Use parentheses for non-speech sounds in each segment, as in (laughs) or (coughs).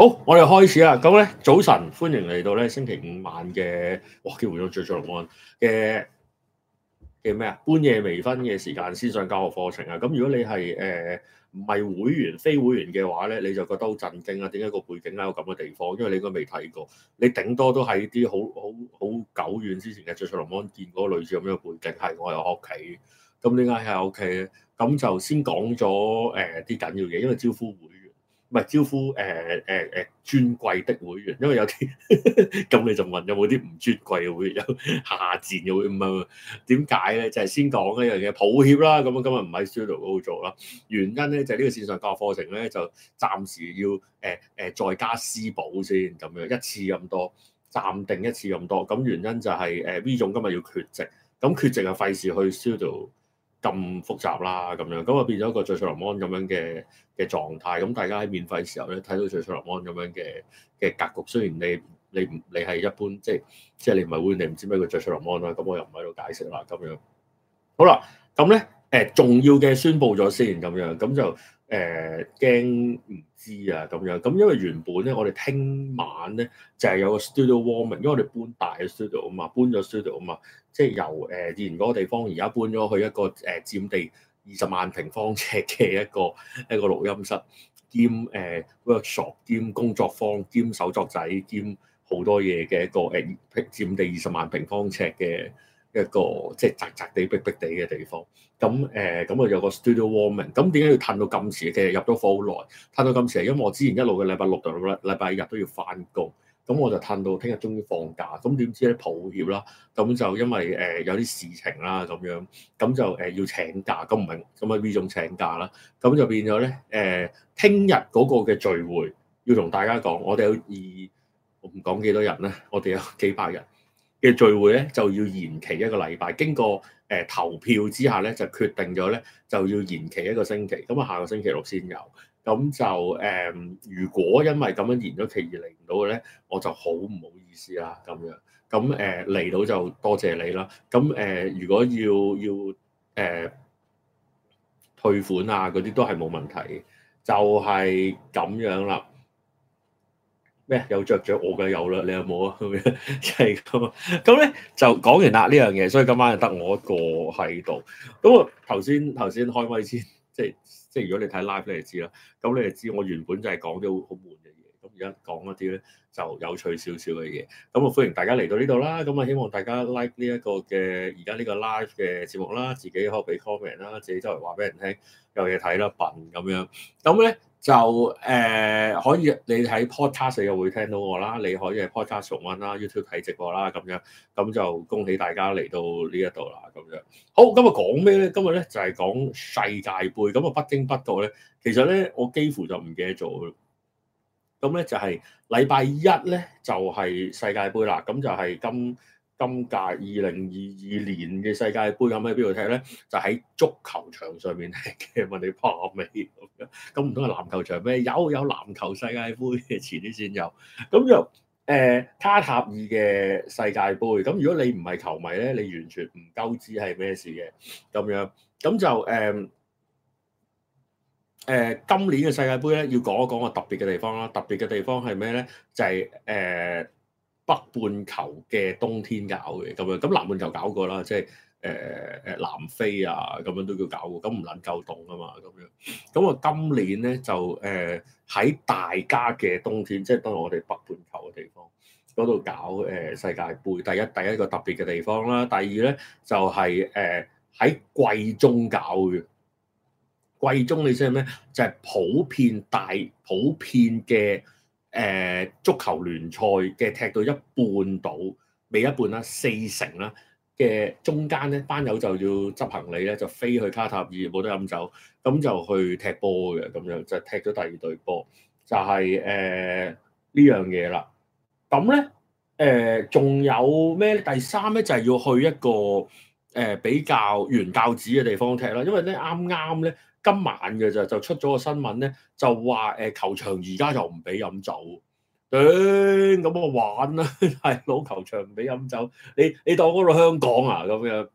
好，我哋開始啦。咁咧，早晨，歡迎嚟到咧星期五晚嘅哇，切換咗最雀龍安嘅嘅咩啊？半夜微醺嘅時間先上教學課程啊。咁如果你係誒唔係會員，非會員嘅話咧，你就覺得好震驚啊！點解個背景喺個咁嘅地方？因為你應該未睇過，你頂多都喺啲好好好久遠之前嘅最雀龍安見過類似咁樣嘅背景，係我有屋企。咁點解係屋企咧？咁就先講咗誒啲緊要嘢，因為招呼會員。唔係招呼，誒誒誒尊貴的會員，因為有啲咁 (laughs) 你就問有冇啲唔尊貴嘅會員，有 (laughs) 下賤嘅會員。唔係，點解咧？就係、是、先講一樣嘢，抱歉啦，咁啊今日唔喺 studio 嗰度做啦。原因咧就係、是、呢個線上教學課程咧就暫時要誒誒、呃呃、再加私補先，咁樣一次咁多，暫定一次咁多。咁原因就係誒 V 總今日要缺席，咁缺席啊，費事去 studio。咁複雜啦，咁樣咁啊變咗個最巢林安咁樣嘅嘅狀態，咁大家喺免費時候咧睇到最巢林安咁樣嘅嘅格局，雖然你你唔你係一般，即係即係你唔係會你唔知咩叫最巢林安啦，咁我又唔喺度解釋啦，咁樣好啦，咁咧誒重要嘅宣佈咗先，咁樣咁就。誒驚唔知啊咁樣，咁因為原本咧，我哋聽晚咧就係、是、有個 studio warming，因為我哋搬大嘅 studio 啊嘛，搬咗 studio 啊嘛，即係由誒、呃、以前嗰個地方而家搬咗去一個誒、呃、佔地二十萬平方尺嘅一個一個錄音室，兼誒、呃、workshop 兼工作坊兼手作仔兼好多嘢嘅一個誒、呃、佔地二十萬平方尺嘅。一個即係窄窄地、逼逼地嘅地方。咁誒，咁、呃、啊有個 studio warming。咁點解要褪到咁遲？其實入咗伙好耐，褪到咁遲因為我之前一路嘅禮拜六同禮拜日都要翻工。咁我就褪到聽日終於放假。咁點知咧抱歉啦。咁就因為誒、呃、有啲事情啦咁樣，咁就誒、呃、要請假。咁唔係咁啊 V 總請假啦。咁就變咗咧誒，聽日嗰個嘅聚會要同大家講，我哋有二，我唔講幾多人咧，我哋有幾百人嘅聚會咧就要延期一個禮拜，經過誒、呃、投票之下咧就決定咗咧就要延期一個星期，咁啊下個星期六先有，咁就誒、呃、如果因為咁樣延咗期而嚟唔到嘅咧，我就好唔好意思啦、啊、咁樣，咁誒嚟到就多謝你啦，咁誒、呃、如果要要誒、呃、退款啊嗰啲都係冇問題，就係、是、咁樣啦。咩又着住我嘅有啦，你有冇啊？咁 (laughs) 這樣係咁啊，咁 (laughs) 咧就講完啦呢樣嘢，所以今晚就得我一個喺度。咁啊頭先頭先開位先，即係即係如果你睇 live 你就知啦。咁你就知我原本就係講咗好悶嘅嘢，咁而家講一啲咧就有趣少少嘅嘢。咁啊歡迎大家嚟到呢度啦。咁啊希望大家 like 呢一個嘅而家呢個 live 嘅節目啦，自己可以俾 comment 啦，自己周圍話俾人聽，有嘢睇啦，笨咁樣。咁咧。就誒、呃、可以，你喺 podcast 又會聽到我啦，你可以喺 podcast 重溫啦，YouTube 睇直播啦，咁樣咁就恭喜大家嚟到呢一度啦，咁樣好。今日講咩咧？今日咧就係、是、講世界盃。咁啊，北京北讀不經不覺咧，其實咧我幾乎就唔記得咗。咁咧就係、是、禮拜一咧就係、是、世界盃啦。咁就係今。今屆二零二二年嘅世界盃，咁喺邊度踢咧？就喺足球場上面踢嘅。 (laughs) 問你怕未咁樣？咁唔通係籃球場咩？有有籃球世界盃，遲啲先有。咁就誒、呃、卡塔爾嘅世界盃。咁如果你唔係球迷咧，你完全唔夠知係咩事嘅咁樣。咁就誒誒、呃呃、今年嘅世界盃咧，要講一講個特別嘅地方啦。特別嘅地方係咩咧？就係、是、誒。呃北半球嘅冬天搞嘅咁樣，咁南半球搞過啦，即係誒誒南非啊咁樣都叫搞嘅，咁唔能夠凍啊嘛咁樣。咁啊今年咧就誒喺、呃、大家嘅冬天，即係當我哋北半球嘅地方嗰度搞誒、呃、世界盃，第一第一個特別嘅地方啦，第二咧就係誒喺季中搞嘅。季中你知係咩？就係、是呃、普遍大普遍嘅。誒、呃、足球聯賽嘅踢到一半到未一半啦，四成啦嘅中間咧，班友就要執行李咧，就飛去卡塔爾冇得飲酒，咁就去踢波嘅，咁樣就踢咗第二隊波，就係、是、誒、呃、呢樣嘢啦。咁咧誒，仲有咩？第三咧就係、是、要去一個誒、呃、比較原教旨嘅地方踢啦，因為咧啱啱咧。剛剛呢今晚嘅就就出咗個新聞咧，就話誒、呃、球場而家就唔俾飲酒，誒、欸、咁我玩啦，係老球場唔俾飲酒，你你當我嗰度香港啊咁樣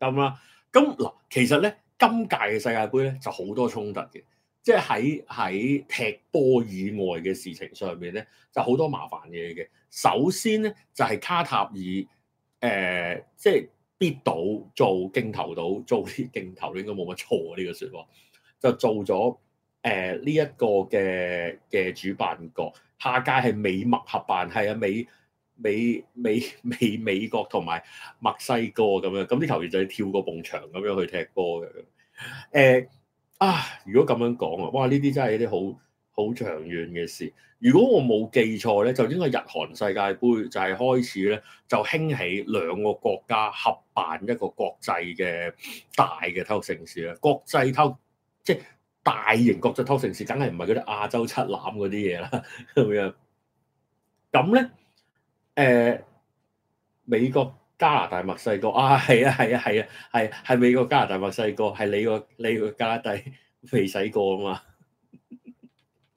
咁啦。咁嗱，其實咧今屆嘅世界盃咧就好多衝突嘅，即係喺喺踢波以外嘅事情上面咧就好多麻煩嘢嘅。首先咧就係、是、卡塔爾誒、呃，即係。必倒，做鏡頭倒做啲鏡頭應該冇乜錯啊！呢、這個説話就做咗誒呢一個嘅嘅主辦國，下屆係美墨合辦，係啊美美美美美國同埋墨西哥咁樣，咁啲球員就跳過埲牆咁樣去踢波嘅。誒、呃、啊！如果咁樣講啊，哇！呢啲真係一啲好～好長遠嘅事，如果我冇記錯咧，就應該日韓世界盃就係開始咧，就興起兩個國家合辦一個國際嘅大嘅體育城市啦。國際體育，即係大型國際體育城市，梗係唔係嗰啲亞洲七欖嗰啲嘢啦咁樣。咁咧，誒美國、加拿大、墨西哥啊，係啊、係啊、係啊、係係美國、加拿大、墨西哥，係你個你個家底未使過啊嘛～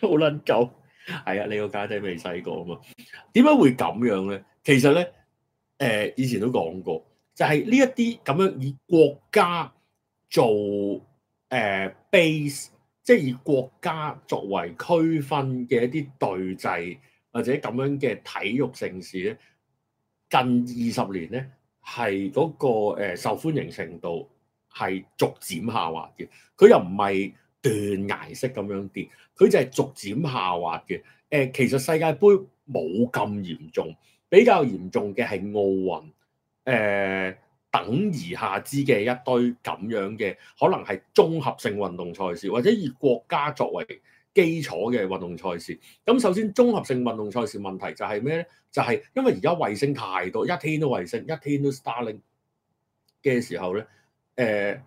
好撚舊，係啊、哎！你個家姐未細個啊嘛？點解會咁樣咧？其實咧，誒、呃，以前都講過，就係呢一啲咁樣以國家做誒、呃、base，即係以國家作為區分嘅一啲隊制或者咁樣嘅體育盛事咧，近二十年咧係嗰個誒、呃、受歡迎程度係逐漸下滑嘅。佢又唔係。斷崖式咁樣跌，佢就係逐漸下滑嘅。誒、呃，其實世界盃冇咁嚴重，比較嚴重嘅係奧運。誒、呃，等而下之嘅一堆咁樣嘅，可能係綜合性運動賽事，或者以國家作為基礎嘅運動賽事。咁、嗯、首先綜合性運動賽事問題就係咩咧？就係、是、因為而家衛星太多，一天都衛星，一天都 Starlink 嘅時候咧。誒、呃、誒。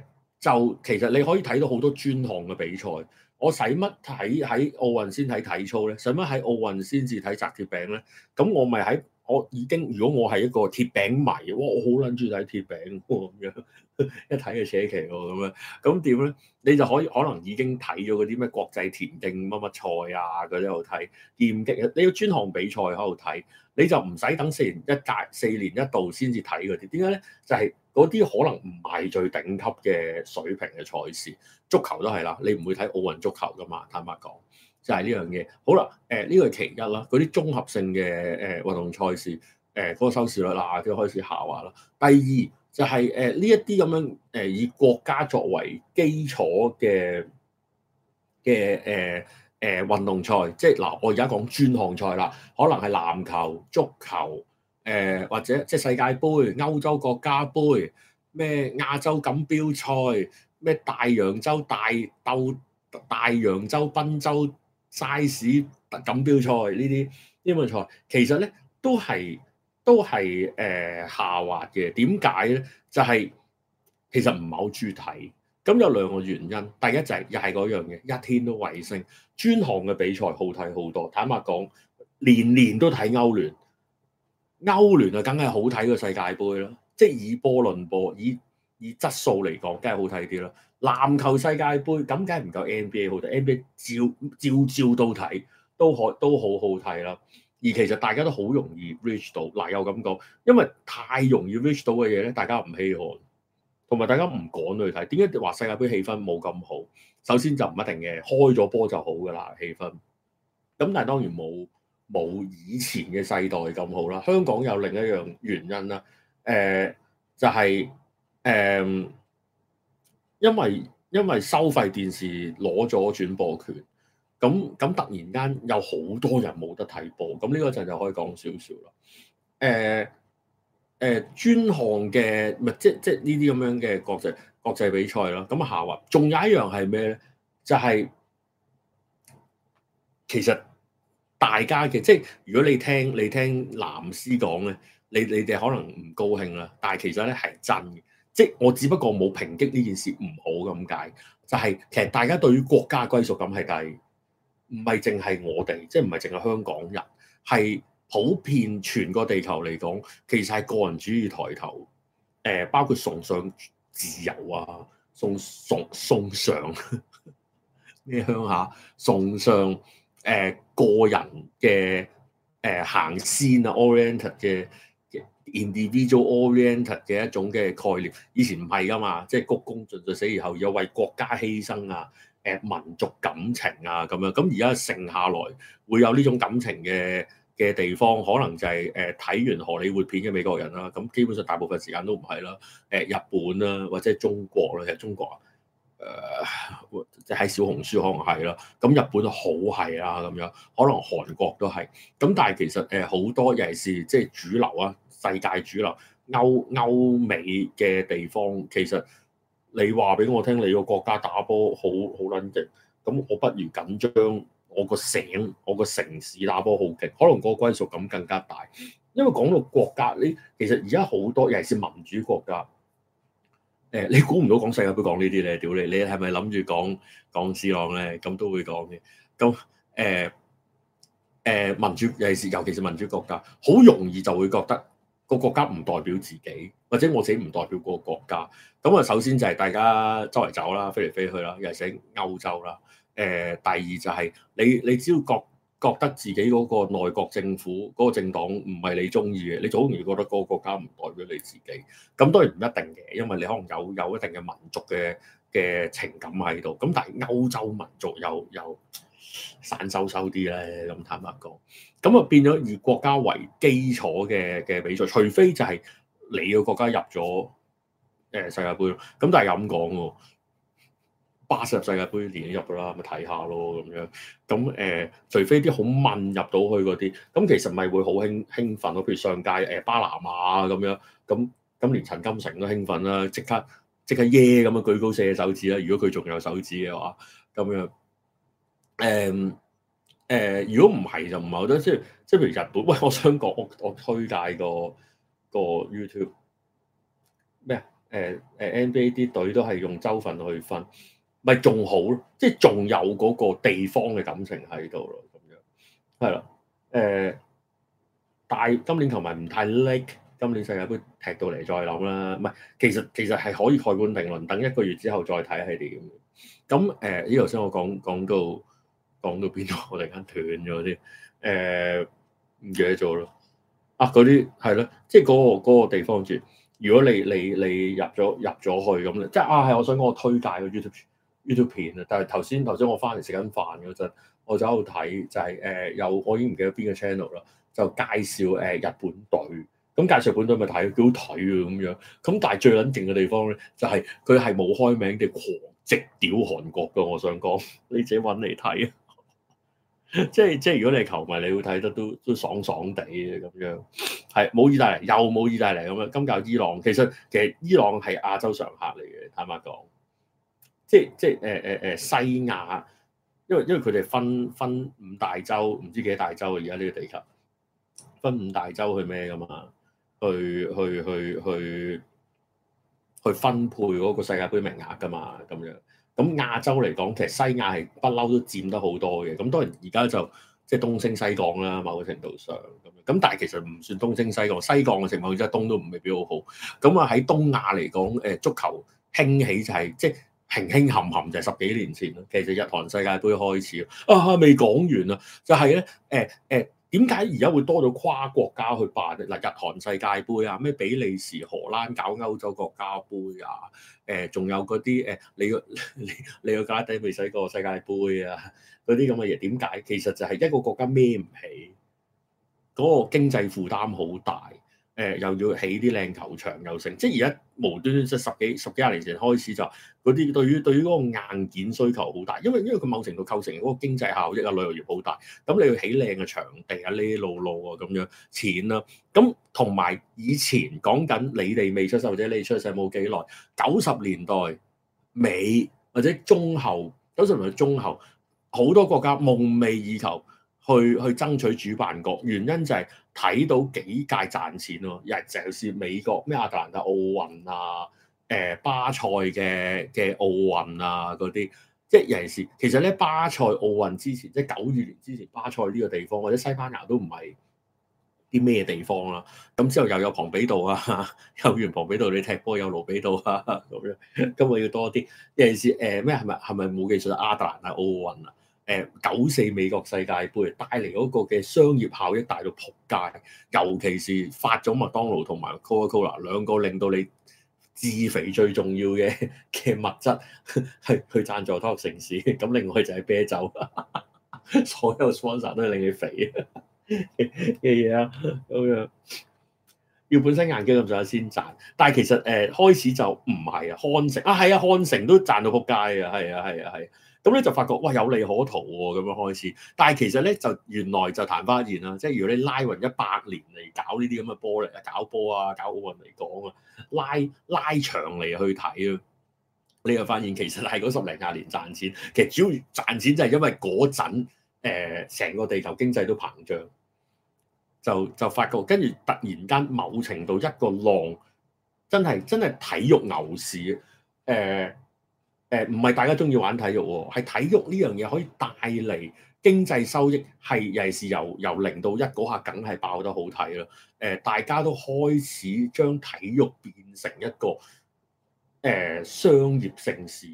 呃就其實你可以睇到好多專項嘅比賽，我使乜睇喺奧運先睇體操咧？使乜喺奧運先至睇擲鐵餅咧？咁我咪喺我已經，如果我係一個鐵餅迷，哇！我好撚鍾意睇鐵餅喎，咁樣一睇就扯旗咁樣咁點咧？你就可以可能已經睇咗嗰啲咩國際田徑乜乜賽啊嗰啲，喺度睇劍擊啊，你要專項比賽喺度睇，你就唔使等四年一屆、四年一度先至睇嗰啲。點解咧？就係、是。嗰啲可能唔係最頂級嘅水平嘅賽事，足球都係啦，你唔會睇奧運足球㗎嘛，坦白講，就係、是、呢樣嘢。好啦，誒呢個係其一啦，嗰啲綜合性嘅誒、呃、運動賽事，誒嗰個收視率啦，都開始下滑啦。第二就係誒呢一啲咁樣誒、呃、以國家作為基礎嘅嘅誒誒運動賽，即係嗱，我而家講專項賽啦，可能係籃球、足球。誒、呃、或者即係世界盃、歐洲國家盃、咩亞洲錦標賽、咩大洋洲大鬥大洋洲賓州賽事錦標賽呢啲呢個賽，其實咧都係都係誒、呃、下滑嘅。點解咧？就係、是、其實唔係好注睇。咁有兩個原因，第一就係又係嗰樣嘢，一天都衞星專項嘅比賽好睇好多。坦白講，年年都睇歐聯。歐聯啊，梗係好睇過世界盃咯，即係以波論波，以以質素嚟講，梗係好睇啲咯。籃球世界盃咁梗係唔夠 NBA 好睇，NBA 照，照照照都睇，都可都好好睇啦。而其實大家都好容易 reach 到，嗱又咁講，因為太容易 reach 到嘅嘢咧，大家唔稀罕，同埋大家唔趕去睇。點解話世界盃氣氛冇咁好？首先就唔一定嘅，開咗波就好㗎喇，氣氛。咁但係當然冇。冇以前嘅世代咁好啦，香港有另一樣原因啦，誒、呃、就係、是、誒、呃，因為因為收費電視攞咗轉播權，咁咁突然間有好多人冇得睇播，咁呢個陣就可以講少少啦，誒誒專項嘅，即係即即呢啲咁樣嘅國際國際比賽啦，咁下滑，仲有一樣係咩咧？就係、是、其實。大家嘅即係如果你聽你聽藍絲講咧，你你哋可能唔高興啦，但係其實咧係真嘅，即係我只不過冇抨擊呢件事唔好咁解，就係、是、其實大家對於國家歸屬感係低，唔係淨係我哋，即係唔係淨係香港人，係普遍全個地球嚟講，其實係個人主義抬頭，誒、呃、包括崇尚自由啊，崇崇崇尚啲鄉下崇尚。 (laughs) 誒、呃、個人嘅誒、呃、行先啊，oriented 嘅 individual oriented 嘅一種嘅概念，以前唔係噶嘛，即係鞠躬盡瘁死而後又為國家犧牲啊，誒、呃、民族感情啊咁樣，咁而家剩下來會有呢種感情嘅嘅地方，可能就係誒睇完荷里活片嘅美國人啦、啊，咁基本上大部分時間都唔係啦，誒、呃、日本啦、啊、或者係中國啦，其實中國啊。誒，即係、呃、小紅書可能係咯，咁日本好係啦，咁樣可能韓國都係，咁但係其實誒好多尤其是即係主流啊，世界主流歐歐美嘅地方，其實你話俾我聽，你個國家打波好好撚勁，咁我不如緊張我個城，我個城市打波好勁，可能個歸屬感更加大，因為講到國家呢，其實而家好多尤其是民主國家。誒、呃，你估唔到講世界盃都講呢啲咧，屌你！你係咪諗住講講 C 朗咧？咁都會講嘅。咁誒誒，民主尤其是尤其是民主國家，好容易就會覺得個國家唔代表自己，或者我自己唔代表個國家。咁啊，首先就係大家周圍走啦，飛嚟飛去啦。尤其係歐洲啦。誒、呃，第二就係、是、你你只要國。覺得自己嗰個內閣政府嗰、嗰個政黨唔係你中意嘅，你早容易覺得嗰個國家唔代表你自己，咁當然唔一定嘅，因為你可能有有一定嘅民族嘅嘅情感喺度。咁但係歐洲民族又又散收收啲咧，咁坦白講，咁啊變咗以國家為基礎嘅嘅比賽，除非就係你個國家入咗誒、呃、世界盃，咁但係又唔講喎。八十入世界盃連入噶啦，咪睇下咯咁樣。咁誒、呃，除非啲好悶入到去嗰啲，咁其實咪會好興興奮咯。譬如上屆誒、呃、巴拿馬咁樣，咁咁連陳金成都興奮啦，即刻即刻耶、yeah，咁樣舉高四隻手指啦。如果佢仲有手指嘅話，咁樣誒誒、呃呃呃，如果唔係就唔係。我覺得即即譬如日本，喂，我想講我我推介個個 YouTube 咩啊？誒、呃、誒、呃、NBA 啲隊都係用州份去分。咪仲好咯，即係仲有嗰個地方嘅感情喺度咯，咁樣係啦，誒、呃，但係今年球迷唔太 like，今年世界盃踢到嚟再諗啦，唔係，其實其實係可以蓋棺定論，等一個月之後再睇係、呃、點。咁、呃、誒，依頭先我講講到講到邊度，我突然間斷咗啲，誒，唔記得咗咯，啊，嗰啲係咯，即係嗰、嗰個、嗰個地方住，如果你你你入咗入咗去咁，即係啊，係我想講我推介個 YouTube。呢條片啊！但係頭先頭先我翻嚟食緊飯嗰陣，我就喺度睇就係、是、誒、呃、又我已經唔記得邊個 channel 啦，就介紹誒、呃、日本隊。咁介紹日本隊咪睇，幾好睇啊，咁樣。咁但係最撚勁嘅地方咧，就係佢係冇開名嘅狂直屌韓國嘅。我想講你自己揾嚟睇啊！即係即係如果你係球迷，你會睇得都都爽爽地咁樣。係冇意大利，又冇意大利咁樣。今屆伊朗其實其實伊朗係亞洲常客嚟嘅，坦白講。即係即係誒誒誒西亞，因為因為佢哋分分五大洲，唔知幾多大洲啊！而家呢個地球，分五大洲去咩噶嘛？去去去去去分配嗰個世界盃名額噶嘛？咁樣咁亞洲嚟講，其實西亞係不嬲都佔得好多嘅。咁當然而家就即係東升西降啦，某個程度上咁。咁但係其實唔算東升西降，西降嘅情況，而家東都唔未必好好。咁啊喺東亞嚟講，誒足球興起就係、係、即係。平平冚冚就係、是、十幾年前咯，其實日韓世界盃開始啊，未講完啊，就係、是、咧，誒、呃、誒，點解而家會多咗跨國家去辦嗱？日韓世界盃啊，咩比利時荷蘭搞歐洲國家盃啊，誒、呃，仲有嗰啲誒，你你你個家底未使過世界盃啊，嗰啲咁嘅嘢點解？其實就係一個國家孭唔起，嗰、那個經濟負擔好大，誒、呃、又要起啲靚球場又成，即係而家無端端即十幾十幾廿年前開始就。啲對於對於嗰個硬件需求好大，因為因為佢某程度構成嗰個經濟效益啊，旅遊業好大。咁、嗯、你要起靚嘅場地啊，呢路路啊咁樣錢啊。咁同埋以前講緊你哋未出世或者你出世冇幾耐，九十年代尾或者中後，九十年代中後好多國家夢寐以求去去爭取主辦國，原因就係睇到幾屆賺錢咯，又係就好似美國咩亞特蘭大奧運啊。誒、呃、巴塞嘅嘅奧運啊，嗰啲即係尤其是，其實咧巴塞奧運之前，即係九二年之前，巴塞呢個地方或者西班牙都唔係啲咩地方啦。咁之後又有龐比道啊，呵呵有完龐比道你踢波，有盧比道啊咁樣。今個要多啲尤其係誒，咩係咪係咪冇技術亞特蘭大、啊、奧運啊？誒九四美國世界盃帶嚟嗰個嘅商業效益大到撲街，尤其是發咗麥當勞同埋 Coca-Cola 兩個令到你。自肥最重要嘅嘅物質係去 (laughs) 贊助多城市，咁另外就係啤酒， (laughs) 所有 sponsor 都係令你肥嘅嘢啊，咁 (laughs) 樣 Yeah, yeah, (laughs) 要本身硬鏡咁上下先賺， (laughs) 但係其實誒、呃、開始就唔係啊，漢城啊係啊，漢城都賺到撲街啊，係啊係啊係。咁咧就發覺哇，有利可圖喎、啊，咁樣開始。但係其實咧就原來就談發現啦，即係如果你拉勻一百年嚟搞呢啲咁嘅波嚟啊，搞波啊，搞奧運嚟講啊，拉拉長嚟去睇啊，你就發現其實係嗰十零廿年賺錢。其實主要賺錢就係因為嗰陣成個地球經濟都膨脹，就就發覺跟住突然間某程度一個浪，真係真係體育牛市誒。呃誒唔係大家鍾意玩體育喎，係體育呢樣嘢可以帶嚟經濟收益，係尤其是由由零到一嗰下，梗係爆得好睇啦！誒、呃，大家都開始將體育變成一個誒、呃、商業城市，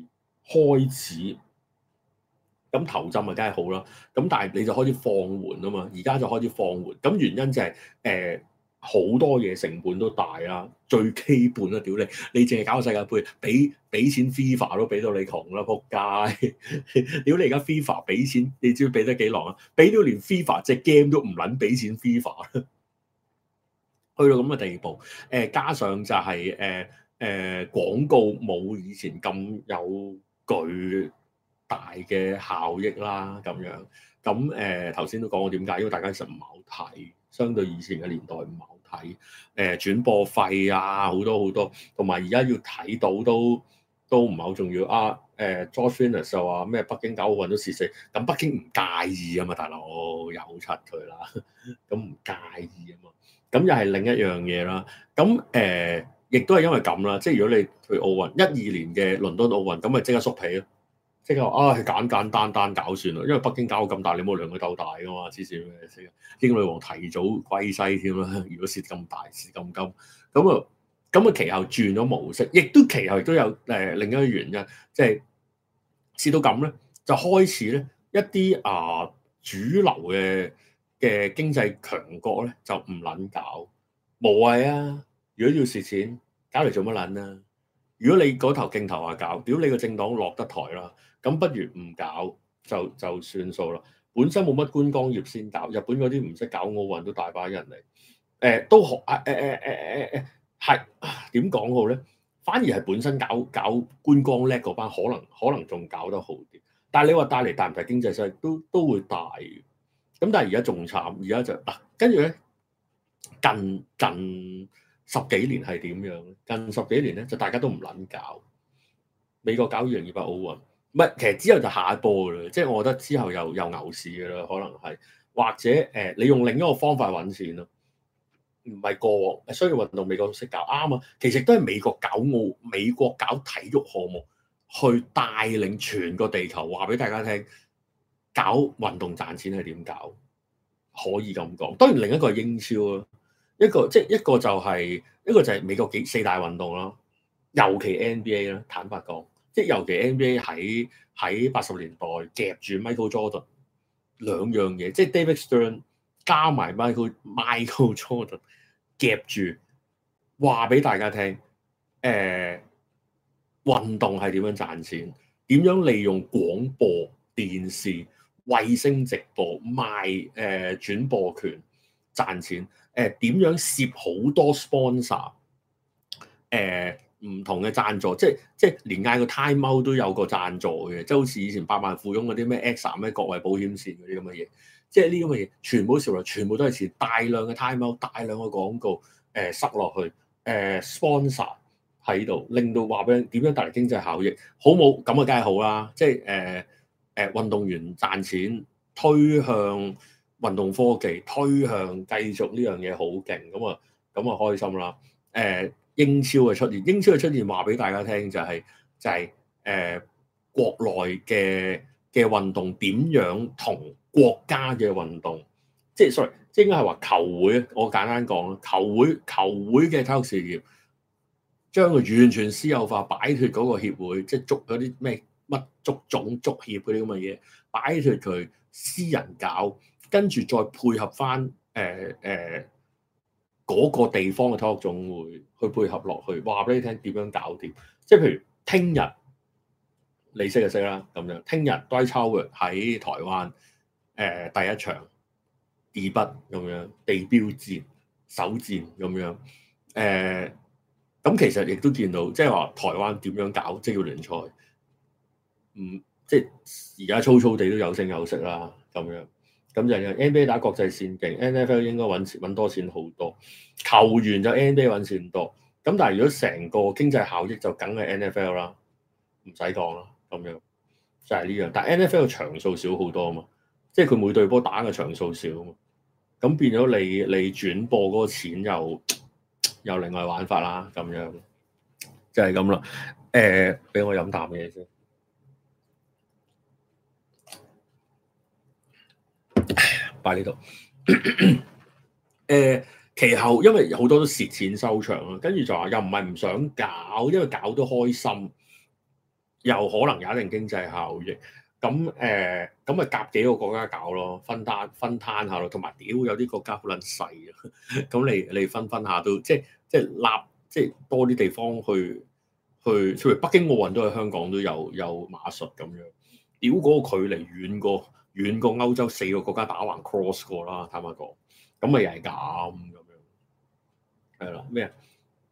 開始咁頭浸咪梗係好啦。咁但係你就，就開始放緩啊嘛，而家就開始放緩，咁原因就係、是、誒。呃好多嘢成本都大啦、啊，最基本啊！屌你，你淨係搞個世界盃，俾俾錢 FIFA 都俾到你窮啦，撲街！屌你而家 FIFA 俾錢，你知唔知俾得幾狼啊？俾到連 FIFA 隻 game 都唔撚俾錢 FIFA， (laughs) 去到咁嘅地步。誒、呃，加上就係誒誒廣告冇以前咁有巨大嘅效益啦，咁樣，咁誒頭先都講過點解，因為大家其實唔係好睇，相對以前嘅年代唔係。睇誒、呃、轉播費啊，好多好多，同埋而家要睇到都都唔係好重要啊！誒、呃、George Francis 又話咩？北京搞奧運都蝕死，咁北京唔介意啊嘛，大佬有好柒佢啦，咁唔介意啊嘛，咁又係另一樣嘢啦。咁誒，亦都係因為咁啦，即係如果你去如奧運一二年嘅倫敦奧運，咁咪即刻縮皮咯。即係話啊，係簡簡單單搞算啦，因為北京搞到咁大，你冇兩個鬥大噶嘛？黐線咩嘢色？英女王提早歸西添啦，如果蝕咁大，蝕咁金，咁啊，咁啊，其後轉咗模式，亦都其後亦都有誒、呃，另一個原因，即係蝕到咁咧，就開始咧，一啲啊、呃、主流嘅嘅經濟強國咧，就唔捻搞，無謂啊！如果要蝕錢，搞嚟做乜捻啊？如果你嗰頭勁頭啊，搞，屌你個政黨落得台啦。咁不如唔搞就，就算數啦。本身冇乜觀光業先搞，日本嗰啲唔識搞奧運都大把人嚟。誒、欸，都學誒誒誒誒誒誒，係點講好咧？反而係本身搞搞觀光叻嗰班，可能可能仲搞得好啲。但係你話帶嚟大唔大經濟效益都都會大。咁但係而家仲慘，而家就嗱跟住咧，近近十幾年係點樣咧？近十幾年咧就大家都唔撚搞，美國搞二零二八奧運。奧運唔係，其實之後就下一波噶啦，即係我覺得之後又又牛市噶啦，可能係或者誒、欸，你用另一個方法揾錢咯，唔係過往所以運動美國識搞啱啊。其實都係美國搞奧，美國搞體育項目去帶領全個地球話俾大家聽，搞運動賺錢係點搞，可以咁講。當然另一個係英超咯，一個即係一個就係、是、一個就係美國幾四大運動咯，尤其 NBA 啦，坦白講。即係尤其 NBA 喺喺八十年代夾住 Michael Jordan 兩樣嘢，即係 David Stern 加埋 Michael Michael Jordan 夾住話俾大家聽，誒、呃、運動係點樣賺錢？點樣利用廣播電視、衛星直播賣誒轉、呃、播權賺錢？誒、呃、點樣攝好多 sponsor 誒、呃？唔同嘅贊助，即係即係連嗌個 time out 都有個贊助嘅，即係好似以前百萬富翁嗰啲咩 x 咩國衛保險線嗰啲咁嘅嘢，即係呢啲咁嘅嘢，全部都涉全部都係錢，大量嘅 time out，大量嘅廣告誒、呃、塞落去誒 sponsor 喺度，令到話俾人點樣帶嚟經濟效益，好冇咁啊？梗係好啦，即係誒誒運動員賺錢推向運動科技，推向繼續呢樣嘢好勁，咁啊咁啊開心啦誒。呃呃英超嘅出現，英超嘅出現話俾大家聽就係、是、就係、是、誒、呃、國內嘅嘅運動點樣同國家嘅運動即係 sorry，即係應該係話球會。我簡單講啦，球會球會嘅體育事業將佢完全私有化，擺脫嗰個協會，即係足嗰啲咩乜足總足協嗰啲咁嘅嘢，擺脫佢私人搞，跟住再配合返誒誒。呃呃嗰個地方嘅體育總會去配合落去，話俾你聽點樣搞掂。即係譬如聽日，你識就識啦，咁樣。聽日低抽喺台灣，誒、呃、第一場二筆咁樣地標戰首戰咁樣，誒、呃、咁其實亦都見到，即係話台灣點樣搞，即係叫聯賽。唔、嗯、即係而家粗粗地都有聲有色啦，咁樣。咁就係 NBA 打國際線勁，NFL 應該揾錢揾多錢好多，球員就 NBA 揾錢多。咁但係如果成個經濟效益就梗係 NFL 啦，唔使講啦，咁樣就係、是、呢樣。但係 NFL 場數少好多啊嘛，即係佢每對波打嘅場數少啊嘛，咁變咗你你轉播嗰個錢又又另外玩法啦，咁樣就係咁啦。誒、呃，俾我飲啖嘢先。擺呢度，誒、 (coughs) 呃、其後因為好多都蝕錢收場啦，跟住就話又唔係唔想搞，因為搞都開心，又可能有一定經濟效益。咁誒咁咪夾幾個國家搞咯，分攤分攤下咯，同埋屌有啲國家好撚細啊，咁 (laughs) 你你分分下都即即立，即多啲地方去去，譬如北京奧運都喺香港都有有馬術咁樣，屌嗰個距離遠過遠過歐洲四個國家打橫 cross 過啦，坦白講，咁咪又係咁咁樣，樣，係啦咩啊？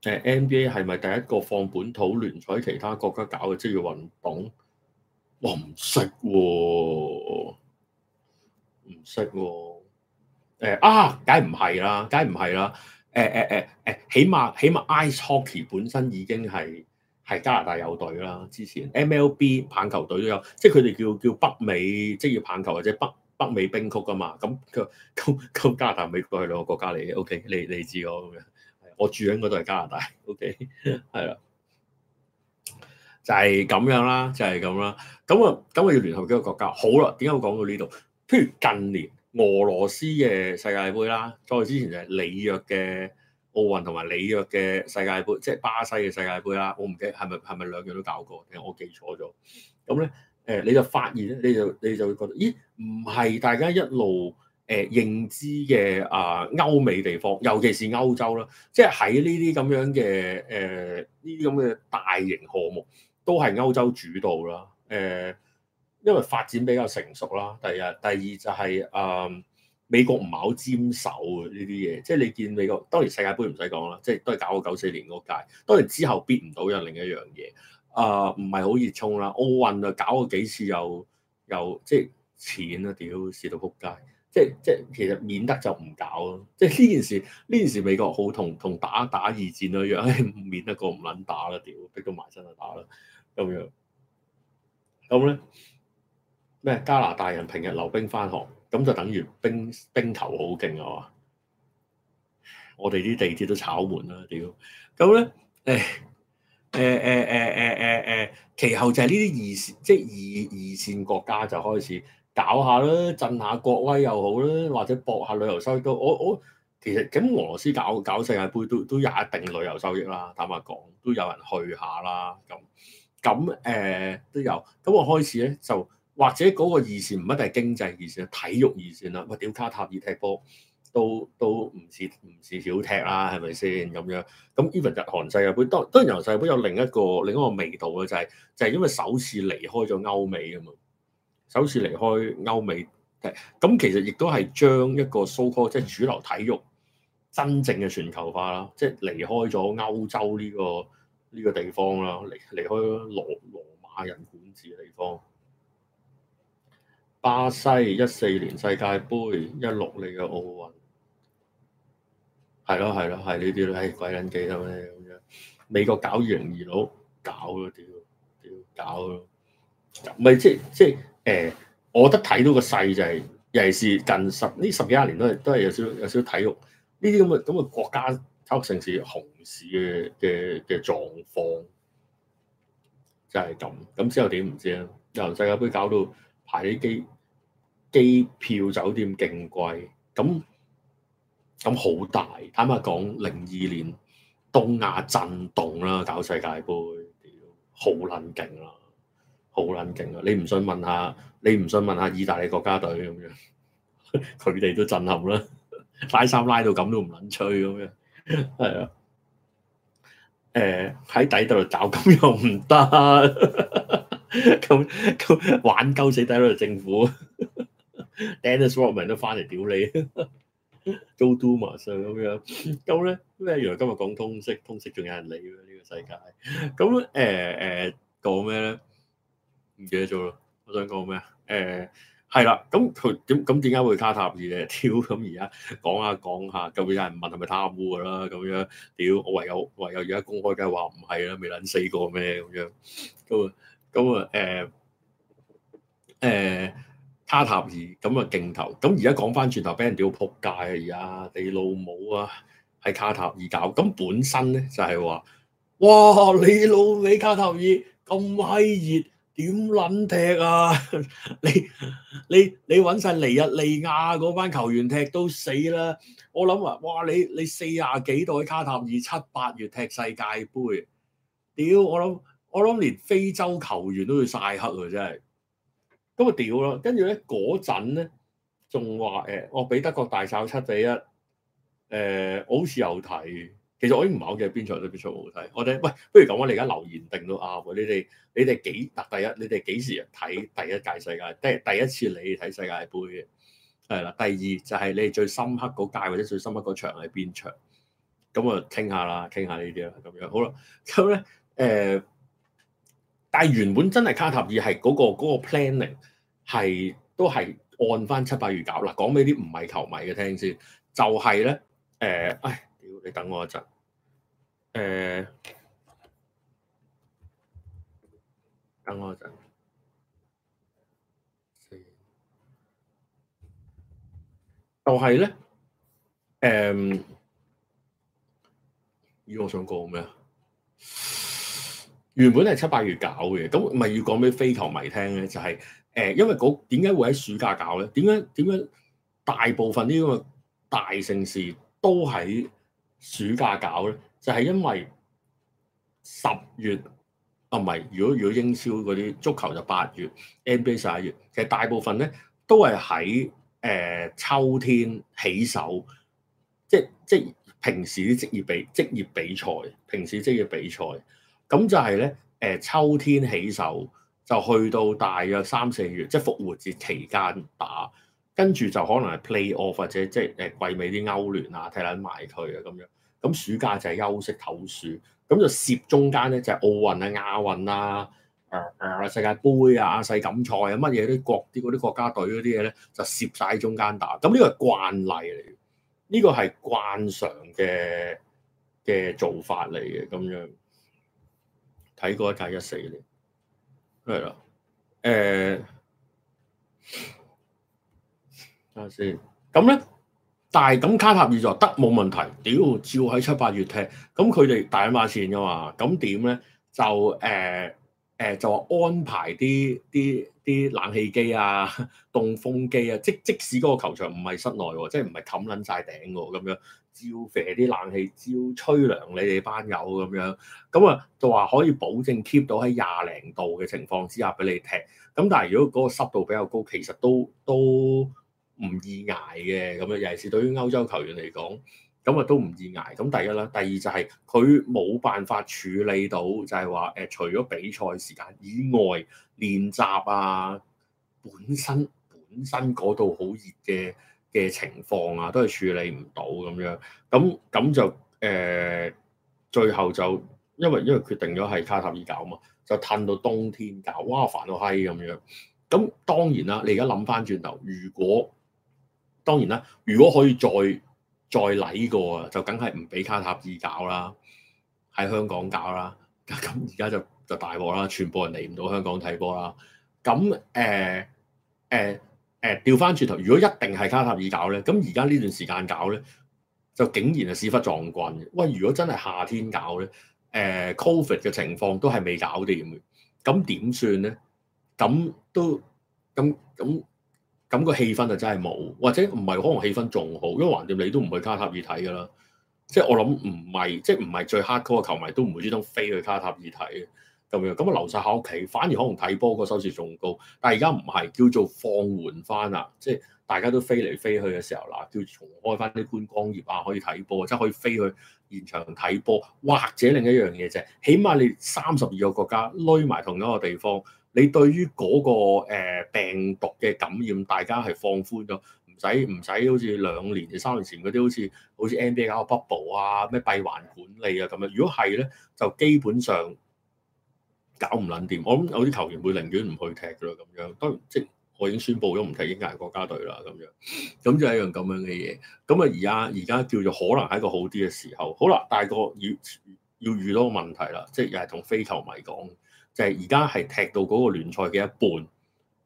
誒、呃、，NBA 係咪第一個放本土聯賽？其他國家搞嘅職業運動，我唔識喎，唔識喎。誒啊，梗係唔係啦，梗係唔係啦。誒誒誒誒，起碼起碼 ice hockey 本身已經係。係加拿大有隊啦，之前 MLB 棒球隊都有，即係佢哋叫叫北美職業棒球或者北北美冰曲噶嘛，咁佢咁咁加拿大、美國係兩個國家嚟嘅，OK，你你知我咁樣，我住喺嗰度係加拿大，OK，係啦，就係、是、咁樣啦，就係、是、咁啦，咁啊咁我要聯合幾個國家，好啦，點解我講到呢度？譬如近年俄羅斯嘅世界杯啦，再之前就係里約嘅。奧運同埋里約嘅世界盃，即係巴西嘅世界盃啦。我唔記得係咪係咪兩樣都搞過，定我記錯咗？咁咧誒，你就發現，你就你就會覺得，咦？唔係大家一路誒、呃、認知嘅啊、呃、歐美地方，尤其是歐洲啦，即係喺呢啲咁樣嘅誒呢啲咁嘅大型項目，都係歐洲主導啦。誒、呃，因為發展比較成熟啦。第一，第二就係、是、誒。呃美國唔係好沾手嘅呢啲嘢，即係你見美國當年世界盃唔使講啦，即係都係搞過九四年嗰屆。當年之後 bid 唔到又另一樣嘢，啊唔係好熱衷啦。奧運啊搞過幾次又又即係錢啊，屌蝕到撲街，即係即係其實免得就唔搞咯。即係呢件事呢件事美國好同同打打二戰一樣，哎，免得個唔撚打啦，屌逼到埋身去打啦咁樣。咁咧咩加拿大人平日溜冰返學。咁就等於冰冰球好勁啊！我哋啲地鐵都炒門啦，屌！咁咧，誒誒誒誒誒誒，其後就係呢啲二線，即二二線國家就開始搞下啦，振下國威又好啦，或者搏下旅遊收益都。我我其實咁，俄羅斯搞搞世界盃都都有一定旅遊收益啦，坦白講都有人去下啦。咁咁誒都有。咁我開始咧就。或者嗰個預算唔一定係經濟預算啊，體育預算啦。哇、哎！屌卡塔爾踢波都都唔似唔似小踢啦，係咪先咁樣咁？Even 日韓世盃，當當然日韓世盃有另一個另一個味道嘅就係、是、就係、是、因為首次離開咗歐美啊嘛，首次離開歐美嘅咁，其實亦都係將一個 so-called 即係主流體育真正嘅全球化啦，即係離開咗歐洲呢、這個呢、這個地方啦，離離開羅羅馬人管治嘅地方。巴西一四年世界杯，一六年嘅奧運，係咯係咯係呢啲咯，唉、哎、鬼撚記得咩咁樣？美國搞二零二六搞咯，屌屌搞咯，唔係即係即係誒、呃，我覺得睇到個勢就係、是，尤其是近十呢十幾廿年都係都係有少有少體育呢啲咁嘅咁嘅國家包括城市紅市嘅嘅嘅狀況，就係、是、咁，咁之後點唔知咧？由世界杯搞到。排啲、啊、機機票酒店勁貴，咁咁好大。坦白講零二年東亞震動啦，搞世界盃，好撚勁啦，好撚勁啊！你唔信問下？你唔信問下意大利國家隊咁樣？佢哋都震撼啦，拉衫拉到咁都唔撚吹咁樣，係啊。誒、呃，喺底度搞咁又唔得。咁咁 (laughs) 玩鳩死低咯，政府。 (laughs) Dennis Rodman 都翻嚟屌你 (laughs) Joe Dumars 咁、啊、樣。咁咧咩？原來今日講通識，通識仲有人理咩？呢、這個世界。咁誒誒，講咩咧？唔、欸、記得咗啦。我想講咩？誒、欸，係啦。咁佢點咁點解會卡塔爾嘅？屌！咁而家講下講下，咁會有人問係咪貪污噶啦？咁樣屌！我唯有唯有而家公開梗係話唔係啦，未捻死過咩？咁樣咁。咁啊，誒誒、呃呃、卡塔爾咁啊，勁頭。咁而家講翻轉頭，俾人屌撲街啊！而家你老母啊，喺卡塔爾搞。咁本身咧就係、是、話，哇！你老你卡塔爾咁閪熱，點撚踢啊？ (laughs) 你你你揾晒尼日利亞嗰班球員踢都死啦！我諗話，哇！你你四廿幾度卡塔爾七八月踢世界盃，屌我諗。我諗連非洲球員都要曬黑啊！真係，咁啊屌咯！跟住咧嗰陣咧，仲話誒，我俾德國大炒七比一。誒、欸，我好似有睇，其實我已經唔係好記得邊場都邊場好睇。我哋喂，不如講翻你而家留言定都啱你哋你哋幾？嗱，第一，你哋幾時睇第一屆世界？第第一次你睇世界盃嘅係啦。第二就係你哋最深刻嗰屆或者最深刻嗰場喺邊場。咁啊，傾下啦，傾下呢啲啊，咁樣好啦。咁、嗯、咧，誒、嗯。嗯嗯嗯嗯但係原本真係卡塔爾係嗰個嗰個 planning 係都係按翻七八月搞啦，講俾啲唔係球迷嘅聽先，就係咧誒，哎，屌你等我一陣，誒，等我一陣，就係咧，誒，咦，我想講咩啊？原本係七八月搞嘅，咁咪要講俾非球迷聽咧，就係、是、誒、呃，因為嗰，點解會喺暑假搞咧？點解？點解？大部分呢個大盛事都喺暑假搞咧，就係、是、因為十月，啊唔係，如果如果英超嗰啲足球就八月，NBA 十一月，其實大部分咧都係喺誒秋天起手，即即平時啲職業比職業比，職業比賽，平時職業比賽。咁就係咧，誒、呃、秋天起手就去到大約三四月，即係復活節期間打，跟住就可能係 play off 或者即係誒季尾啲歐聯啊、踢撚埋佢啊咁樣。咁暑假就係休息唞暑，咁就攝中間咧就係奧運啊、亞運啊、誒、呃、誒世界盃啊、世錦賽啊，乜嘢啲國啲嗰啲國家隊嗰啲嘢咧就攝晒喺中間打。咁呢、這個係慣例嚟，呢個係慣常嘅嘅做法嚟嘅咁樣。睇過一屆一四年，係啦，誒、呃，睇下先。咁咧，但係咁卡塔爾就得冇問題。屌，照喺七八月踢。咁佢哋大馬線嘅嘛，咁點咧就誒誒、呃呃、就安排啲啲啲冷氣機啊、凍風機啊。即即使嗰個球場唔係室內，即係唔係冚撚晒頂喎，咁樣。照肥啲冷氣，照吹涼你哋班友咁樣，咁啊就話可以保證 keep 到喺廿零度嘅情況之下俾你踢。咁但係如果嗰個濕度比較高，其實都都唔易捱嘅。咁啊尤其是對於歐洲球員嚟講，咁啊都唔易捱。咁第一啦，第二就係佢冇辦法處理到就係話誒，除咗比賽時間以外，練習啊，本身本身嗰度好熱嘅。嘅情況啊，都係處理唔到咁樣，咁咁就誒、呃，最後就因為因為決定咗係卡塔爾搞嘛，就褪到冬天搞，哇煩到閪咁樣。咁當然啦，你而家諗翻轉頭，如果當然啦，如果可以再再嚟過啊，就梗係唔俾卡塔爾搞啦，喺香港搞啦。咁而家就就大鑊啦，全部人嚟唔到香港睇波啦。咁誒誒。呃呃誒調翻轉頭，如果一定係卡塔爾搞咧，咁而家呢段時間搞咧，就竟然係屎忽撞棍。喂，如果真係夏天搞咧，誒、呃，COVID 嘅情況都係未搞掂嘅，咁點算咧？咁都咁咁咁個氣氛就真係冇，或者唔係可能氣氛仲好，因為橫掂你都唔去卡塔爾睇㗎啦，即係我諗唔係，即係唔係最 hardcore 嘅球迷都唔會專登飛去卡塔爾睇。咁樣咁啊，留曬喺屋企，反而可能睇波個收視仲高。但係而家唔係，叫做放緩翻啦，即係大家都飛嚟飛去嘅時候喇，叫做重開翻啲觀光業啊，可以睇波，即係可以飛去現場睇波，或者另一樣嘢就係。起碼你三十二個國家攏埋同一個地方，你對於嗰個病毒嘅感染，大家係放寬咗，唔使唔使好似兩年、三年前嗰啲好似好似 NBA 搞個 bubble 啊，咩閉環管理啊咁樣。如果係咧，就基本上。搞唔撚掂，我諗有啲球員會寧願唔去踢㗎喇，咁樣。當然，即我已經宣佈咗唔踢英格蘭國家隊啦，咁樣。咁就係一樣咁樣嘅嘢。咁啊，而家而家叫做可能係一個好啲嘅時候。好啦，但係要遇到個問題啦，即係又係同非球迷講，就係而家係踢到嗰個聯賽嘅一半，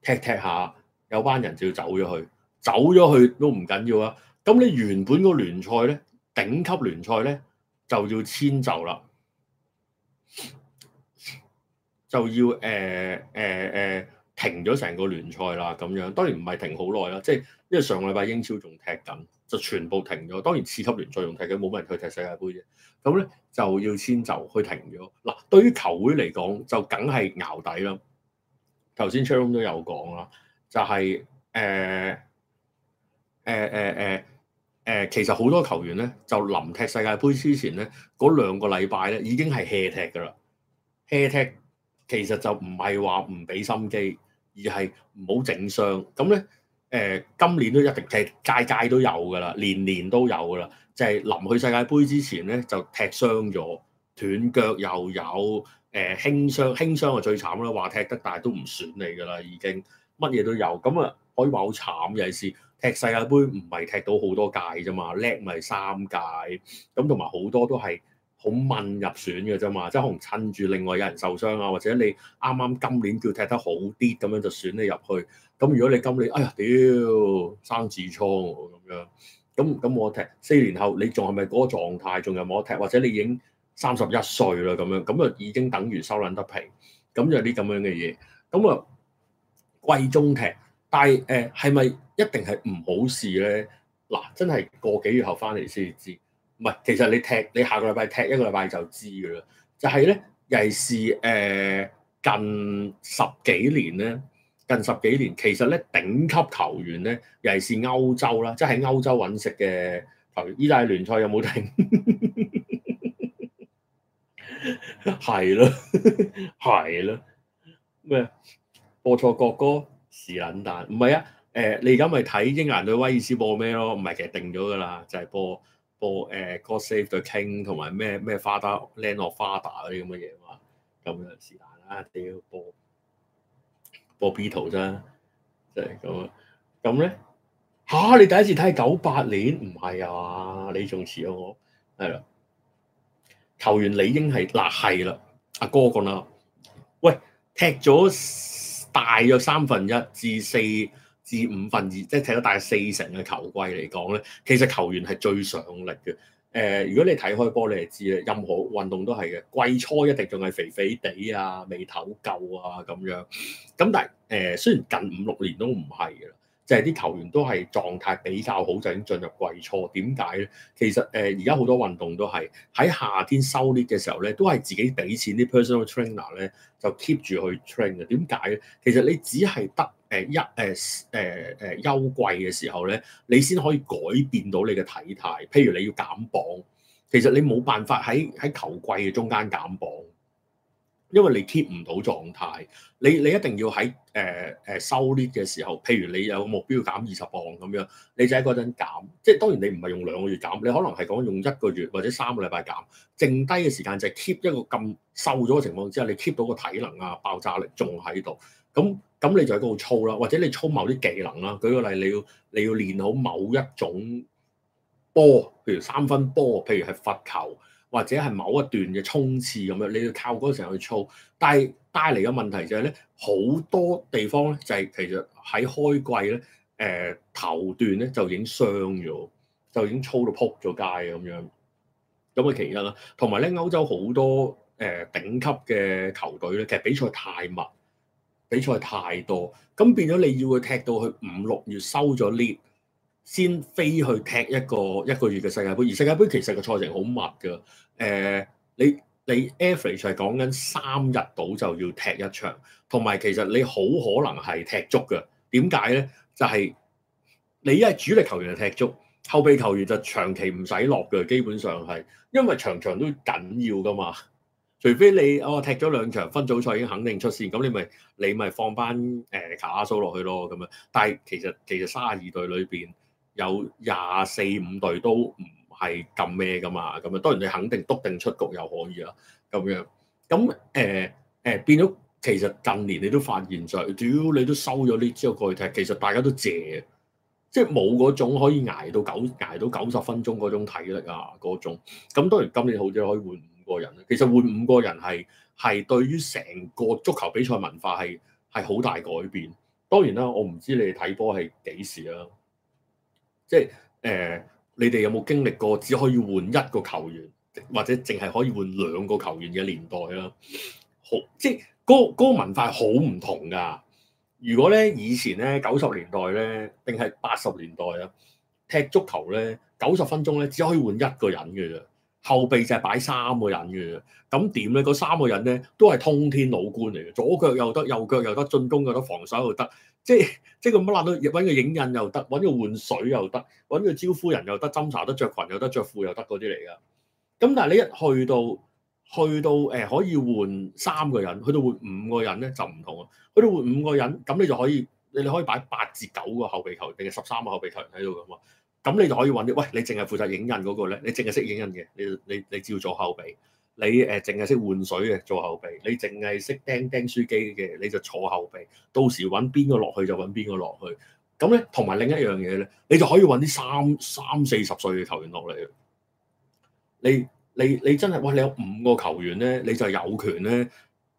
踢踢下有班人就要走咗去，走咗去都唔緊要啊。咁你原本個聯賽咧，頂級聯賽咧就要遷就啦。就要誒誒誒停咗成個聯賽啦咁樣，當然唔係停好耐啦，即係因為上個禮拜英超仲踢緊，就全部停咗。當然次級聯賽仲踢緊，冇人去踢世界盃啫。咁咧就要先就去停咗。嗱、啊，對於球會嚟講就梗係淆底啦。頭先 Charles 都有講啦，就係誒誒誒誒誒，其實好多球員咧就臨踢世界盃之前咧，嗰兩個禮拜咧已經係 hea 踢噶啦，hea 踢。其實就唔係話唔俾心機，而係唔好整傷。咁咧，誒、呃、今年都一直踢，界界都有㗎啦，年年都有㗎啦。就係、是、臨去世界盃之前咧，就踢傷咗，斷腳又有誒、呃、輕傷，輕傷就最慘啦。話踢得，但係都唔選嚟㗎啦，已經乜嘢都有。咁啊，可以話好慘嘅意思。踢世界盃唔係踢到好多屆啫嘛，叻咪三屆。咁同埋好多都係。好問入選嘅啫嘛，即係可能趁住另外有人受傷啊，或者你啱啱今年叫踢得好啲咁樣就選你入去。咁如果你今年哎呀屌、啊、生痔瘡咁樣，咁咁我踢四年後你仲係咪嗰個狀態仲有冇得踢？或者你已經三十一歲啦咁樣，咁啊已經等於收撚得皮。咁有啲咁樣嘅嘢，咁啊貴中踢，但係誒係咪一定係唔好事咧？嗱，真係個幾月後翻嚟先至知。唔係，其實你踢你下個禮拜踢一個禮拜就知噶啦。就係、是、咧，尤其是誒近十幾年咧，近十幾年，呢十幾年其實咧頂級球員咧，尤其是歐洲啦，即係喺歐洲搵食嘅球員，意大利聯賽有冇停？係 (laughs) 咯，係咯，咩播錯國歌是撚但，唔係啊？誒、呃，你而家咪睇英格蘭對威爾斯播咩咯？唔係，其實定咗噶啦，就係、是、播。播誒 God Save the King 同埋咩咩 Father Land of Father 嗰啲咁嘅嘢嘛，咁樣是但啦，你要播播 Beatles 啫，就係咁咁咧，吓，你第一次睇九八年？唔係啊，你仲遲啊？遲我，係啦、啊，球員理應係辣係啦，阿、啊啊、哥講啦，喂踢咗大約三分一至四。至五分二，即係睇到大概四成嘅球季嚟講咧，其實球員係最上力嘅。誒、呃，如果你睇開波，你就知啦，任何運動都係嘅。季初一定仲係肥肥地啊，未唞夠啊咁樣。咁但係誒、呃，雖然近五六年都唔係啦，就係、是、啲球員都係狀態比較好，就已經進入季初。點解咧？其實誒，而家好多運動都係喺夏天收啲嘅時候咧，都係自己俾錢啲 personal trainer 咧，就 keep 住去 train 嘅。點解咧？其實你只係得。誒一誒誒誒休季嘅時候咧，你先可以改變到你嘅體態。譬如你要減磅，其實你冇辦法喺喺球季嘅中間減磅，因為你 keep 唔到狀態。你你一定要喺誒誒收 league 嘅時候，譬如你有目標要減二十磅咁樣，你就喺嗰陣減。即係當然你唔係用兩個月減，你可能係講用一個月或者三個禮拜減。剩低嘅時間就係 keep 一個咁瘦咗嘅情況之下，你 keep 到個體能啊，爆炸力仲喺度。咁咁你就喺度操啦，或者你操某啲技能啦。舉個例，你要你要練好某一種波，譬如三分波，譬如係罰球，或者係某一段嘅衝刺咁樣，你要靠嗰陣時去操。但係帶嚟嘅問題就係咧，好多地方咧就係其實喺開季咧，誒頭段咧就已經傷咗，就已經操到仆咗街咁樣。咁嘅原因啦，同埋咧歐洲好多誒頂級嘅球隊咧，其實比賽太密。比賽太多，咁變咗你要佢踢到去五六月收咗 lift，先飛去踢一個一個月嘅世界盃。而世界盃其實個賽程好密嘅，誒、呃，你你 average 係講緊三日到就要踢一場，同埋其實你好可能係踢足嘅。點解咧？就係、是、你一係主力球員就踢足，後備球員就長期唔使落嘅，基本上係因為場場都緊要噶嘛。除非你我、哦、踢咗兩場分組賽已經肯定出線，咁你咪你咪放班誒、呃、卡阿蘇落去咯咁樣。但係其實其實三十二隊裏邊有廿四五隊都唔係咁咩噶嘛，咁樣當然你肯定篤定出局又可以啦咁樣。咁誒誒變咗，其實近年你都發現就屌你都收咗呢之後過去踢，其實大家都謝，即係冇嗰種可以捱到九捱到九十分鐘嗰種體力啊嗰種。咁當然今年好似可以換個人其實換五個人係係對於成個足球比賽文化係係好大改變。當然啦，我唔知你哋睇波係幾時啦，即係誒、呃，你哋有冇經歷過只可以換一個球員，或者淨係可以換兩個球員嘅年代啦？好，即係嗰嗰個文化好唔同噶。如果咧以前咧九十年代咧，定係八十年代啊，踢足球咧九十分鐘咧只可以換一個人嘅啫。後備就係擺三個人嘅啫，咁點咧？嗰三個人咧都係通天老官嚟嘅，左腳又得，右腳又得，進攻又得，防守又得，即係即係佢乜撚都，揾佢影印又得，揾佢換水又得，揾佢招呼人又得，斟茶得，着裙又得，着褲又得嗰啲嚟噶。咁但係你一去到去到誒可以換三個人，去到換五個人咧就唔同啦。去到換五個人，咁你就可以你你可以擺八至九個後備球定係十三個後備球員喺度噶嘛。咁你就可以揾啲，喂，你淨係負責影印嗰個咧，你淨係識影印嘅，你你你照做後備。你誒淨係識換水嘅做後備，你淨係識釘釘書機嘅，你就坐後備。到時揾邊個落去就揾邊個落去。咁咧，同埋另一樣嘢咧，你就可以揾啲三三四十歲嘅球員落嚟。你你你真係，喂！你有五個球員咧，你就有權咧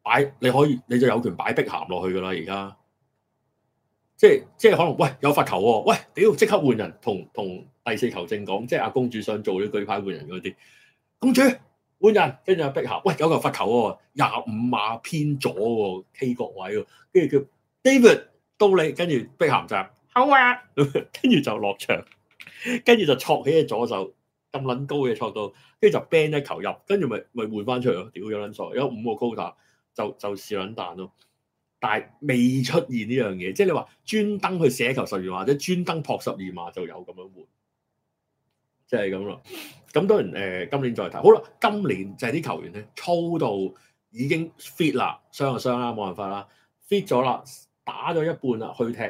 擺，你可以，你就有權擺碧鹹落去噶啦，而家。即係即係，可能喂，有罰球喎，喂屌即、哦、刻換人同同第四球證講，即係阿公主想做啲舉牌換人嗰啲公主換人，跟住阿碧咸，喂有一個罰球喎、哦，廿五碼偏左喎、哦、，K 角位、哦，跟住叫 David 到你，跟住碧咸就好啊，跟住 (laughs) 就落場，跟住就戳起咗左手咁撚高嘅戳到，跟住就 bang 一球入，跟住咪咪換翻出咯，屌有卵傻，有五個 quota 就就試撚彈咯。但係未出現呢樣嘢，即係你話專登去寫球十二或者專登撲十二碼就有咁樣換，即係咁咯。咁當然誒、呃，今年再睇好啦。今年就係啲球員咧，粗到已經 fit 啦，傷就傷啦，冇辦法啦，fit 咗啦，打咗一半啦，去踢。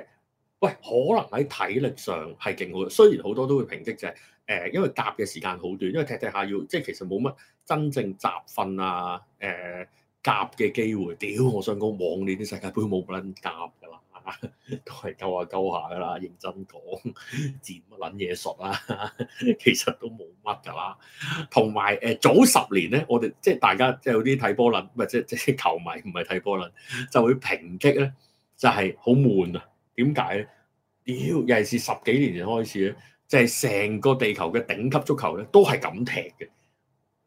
喂，可能喺體力上係勁好，雖然好多都會平積，就係誒，因為夾嘅時間好短，因為踢踢下要，即係其實冇乜真正集訓啊，誒、呃。夾嘅機會，屌！我想講往年啲世界杯冇乜捻夾噶啦，都係勾下勾下噶啦。認真講，掂乜捻嘢術啦？其實都冇乜噶啦。同埋誒，早十年咧，我哋即係大家即係有啲睇波捻，咪即係即係球迷唔係睇波捻，就會抨擊咧，就係好悶啊！點解咧？屌，尤其是十幾年前開始咧，即係成個地球嘅頂級足球咧，都係咁踢嘅，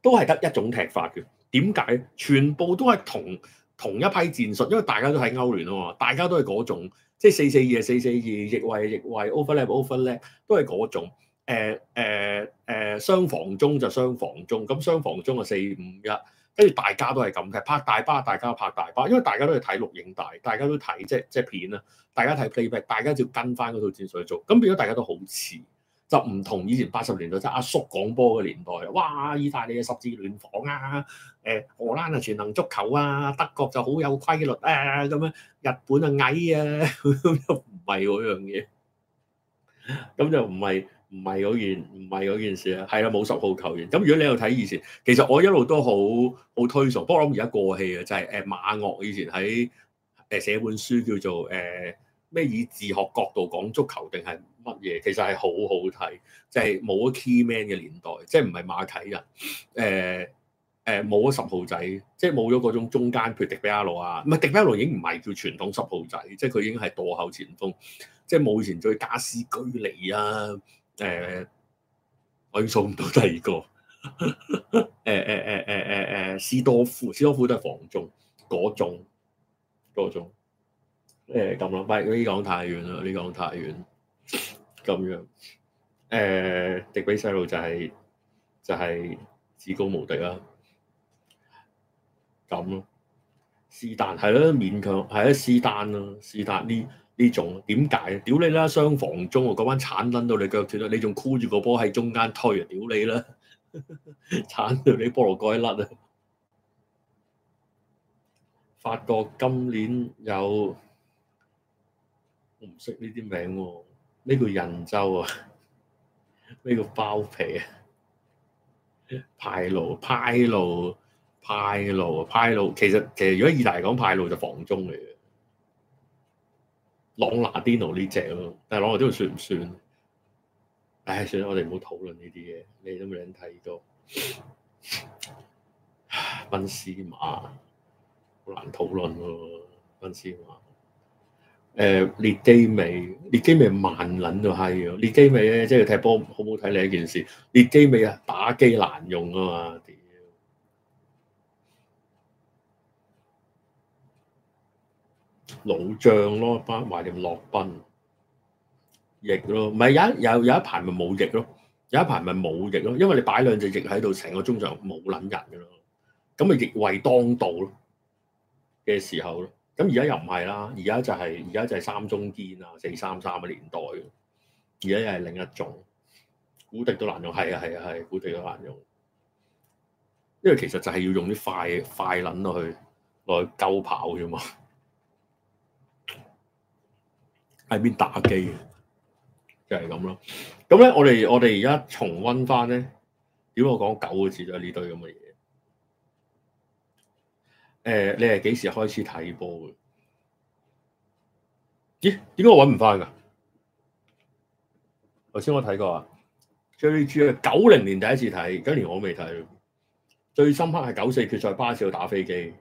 都係得一種踢法嘅。點解全部都係同同一批戰術？因為大家都喺歐聯啊嘛，大家都係嗰種即係四四二啊，四四二，逆位逆位 o e r l a p o v e r l a n 都係嗰種。誒誒誒，雙防中就雙防中，咁雙防中就四五一，跟住大家都係咁嘅拍大巴，大家拍大巴，因為大家都係睇錄影大，大家都睇即即片啊，大家睇 playback，大家就跟翻嗰套戰術去做，咁變咗大家都好似。就唔同以前八十年代，即係阿叔廣播嘅年代，哇！意大利嘅十字聯防啊，誒荷蘭啊全能足球啊，德國就好有規律啊咁樣，日本啊矮啊又唔係嗰樣嘢，咁 (laughs) 就唔係唔係嗰件唔係件事啊，係啦，冇十號球員。咁如果你有睇以前，其實我一路都好好推崇。不過我諗而家過氣啊，就係、是、誒、呃、馬鵲以前喺誒寫本書叫做誒咩、呃、以自學角度講足球定係？乜嘢？其實係好好睇，就係冇咗 key man 嘅年代，即係唔係馬體人，誒誒冇咗十號仔，即係冇咗嗰種中間，譬如迪比亞路啊，唔係迪比亞路已經唔係叫傳統十號仔，即係佢已經係墮後前鋒，即係冇以前最加斯居尼啊，誒、呃，我數唔到第二個，誒誒誒誒誒誒，斯多夫，斯多夫都係防中，嗰種嗰種，誒咁諗，喂，呢講太遠啦，呢講太遠。咁樣，誒、呃，迪比細路就係、是、就係、是、至高無敵啦，咁咯。是但係咯，勉強係啊，是但」咯，是但」呢呢種點解啊？屌你啦，雙防中，嗰班鏟捻到你腳脫啦，你仲箍住個波喺中間推啊？屌你啦，鏟 (laughs) 到你菠蘿蓋甩啊！法國今年有，我唔識呢啲名喎、哦。呢個印州啊，呢個包皮啊？派路派路派路派路，其實其實如果意大利嚟講派路就防中嚟嘅，朗拿甸奴呢隻咯，但係朗拿甸奴算唔算？唉，算啦，我哋唔好討論呢啲嘢。你都未人睇到，賓斯馬好難討論喎，賓斯馬。誒列、呃、基美，列基美慢撚到閪咯！列基美咧，即係踢波好唔好睇你一件事。列基美啊，打機難用噶嘛！屌老將咯，班懷念洛賓翼咯，唔係有有有、有一排咪冇翼咯，有一排咪冇翼咯，因為你擺兩隻翼喺度，成個中場冇撚人噶咯，咁咪翼位當道咯嘅時候咯。咁而家又唔係啦，而家就係而家就係三中堅啊，四三三嘅年代，而家又係另一種古迪都難用，係啊係啊係、啊，古迪都難用，因為其實就係要用啲快快捻落去，落去鳩跑啫嘛，喺邊打機，就係咁咯。咁咧，我哋我哋而家重温翻咧，點解我講九個字都係呢堆咁嘅嘢？誒、呃，你係幾時開始睇波嘅？咦？點解我搵唔返噶？頭先我睇過，最主要係九零年第一次睇，嗰年我未睇。最深刻係九四決賽，巴士度打飛機，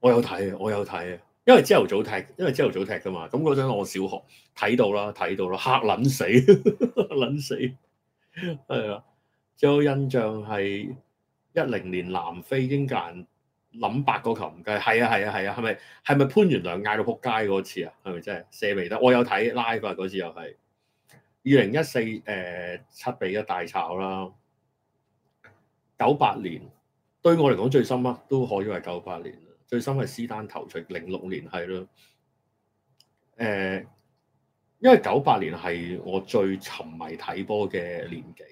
我有睇，我有睇。因為朝頭早踢，因為朝頭早踢噶嘛。咁嗰陣我小學睇到啦，睇到啦，吓撚死，撚死。係啊，最有印象係一零年南非英格蘭。諗白個球唔計，係啊係啊係啊，係咪係咪潘源良嗌到仆街嗰次啊？係咪真係射未得？我有睇 live 啊，嗰次又係二零一四，誒、七比一大炒啦。九八年對我嚟講最深刻，都可以係九八年。最深係斯丹頭槌零六年係咯。誒、呃，因為九八年係我最沉迷睇波嘅年紀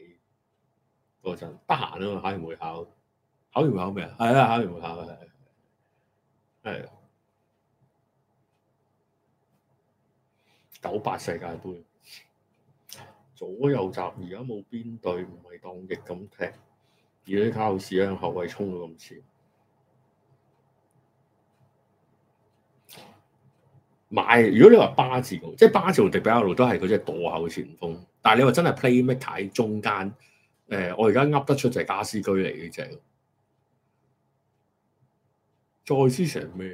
嗰陣，得閒啊嘛，肯定會考。考完會考咩啊？係啊，考完會考嘅係。九八世界杯，左右閘而家冇邊隊唔係當翼咁踢，而家啲卡路士咧向後衛衝到咁前。買，如果你話巴治奧，即係巴治奧同迪比亞路都係佢隻墮後前鋒。但係你話真係 playmaker 喺中間？誒、呃，我而家噏得出就係加斯居嚟嘅隻。再之成咩？